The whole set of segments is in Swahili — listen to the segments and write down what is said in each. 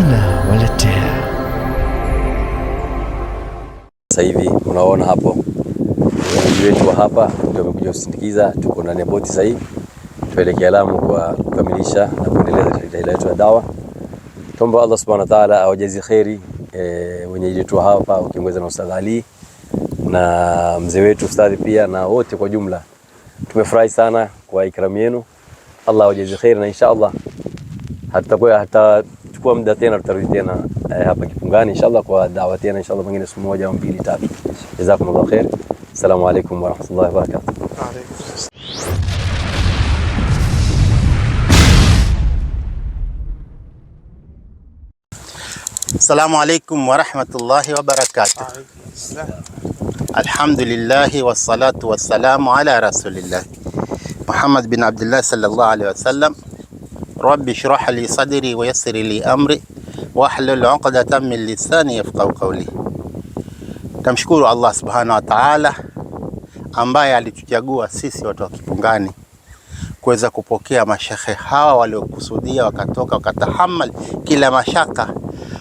inawaletea. Sasa hivi unaona hapo wengi wetu wa hapa ndio wamekuja kusindikiza. Tuko ndani ya boti sahii tuelekea Lamu kwa kukamilisha na kuendeleza dira yetu ya dawa. Tuombe Allah subhanahu wa ta'ala awajazi kheri e, wenyeji wetu wa hapa ukiongeza na Ustadh Ali na mzee wetu Ustadhi pia na wote kwa jumla. Tumefurahi sana kwa ikramu yenu. Allah awajazi kheri na insha Allah hatutakuwa hata kuchukua muda tena, tutarudi tena eh, hapa Kifungani inshallah kwa dawa tena inshallah, pengine siku moja au mbili tatu. Jazakumullahu khair. Assalamu alaykum wa rahmatullahi wa barakatuh. Wa alaykum Assalamu alaikum warahmatullahi wabarakatuh. Alhamdulillahi wassalatu wassalamu ala rasulillah Muhammad bin Abdullah sallallahu alaihi wasallam. Rabbi shrah li sadri wa yassir li amri wahlul uqdatan min lisani yafqahu qawli. Tamshukuru Allah subhanahu wa ta'ala ambaye alituchagua sisi watu wa Kipungani kuweza kupokea mashekhe hawa waliokusudia, wakatoka wakatahamal kila mashaka,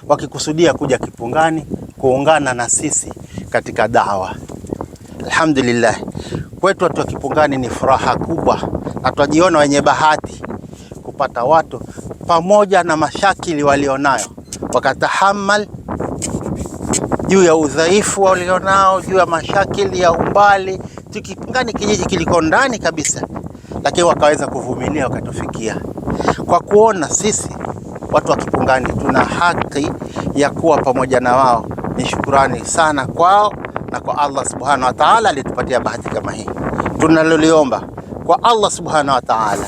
wakikusudia kuja Kipungani kuungana na sisi katika dawa. Alhamdulillah, kwetu watu wa Kipungani ni furaha kubwa na tunajiona wenye bahati kupata watu pamoja na mashakili walionayo, wakatahamal juu ya udhaifu walionao, juu ya mashakili ya umbali. Tukingani kijiji kiliko ndani kabisa, lakini wakaweza kuvumilia, wakatufikia kwa kuona sisi watu wa Kipungani tuna haki ya kuwa pamoja na wao. Ni shukurani sana kwao na kwa Allah subhanahu wa ta'ala alitupatia bahati kama hii. Tunaloliomba kwa Allah subhanahu wa ta'ala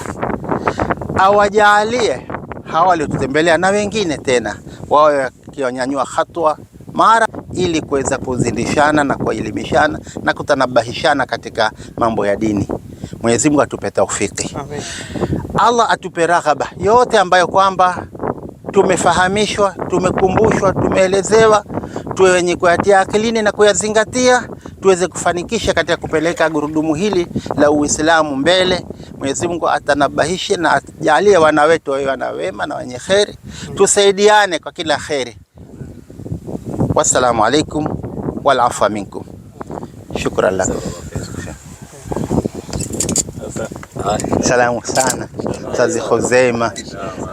awajaalie hawa waliotutembelea na wengine tena wawe wakionyanyua hatua mara ili kuweza kuzindishana na kuelimishana na kutanabahishana katika mambo ya dini. Mwenyezi Mungu atupe taufiki. Amen. Allah atupe raghaba yote ambayo kwamba tumefahamishwa, tumekumbushwa, tumeelezewa, tuwe wenye kuyatia akilini na kuyazingatia tuweze kufanikisha katika kupeleka gurudumu hili la Uislamu mbele. Mwenyezi Mungu atanabahishe na ajalie wana wetu wawe wana wema na wenye kheri, tusaidiane kwa kila kheri. Wassalamu alaikum wal afwa minkum. Shukran lakum. Salamu sana Tazi Khuzaima,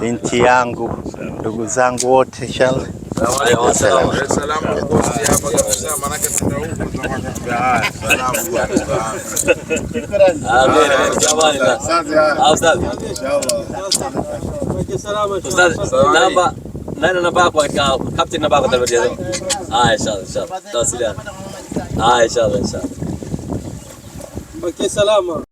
binti yangu, ndugu zangu wote, inshallah. Bakia salama.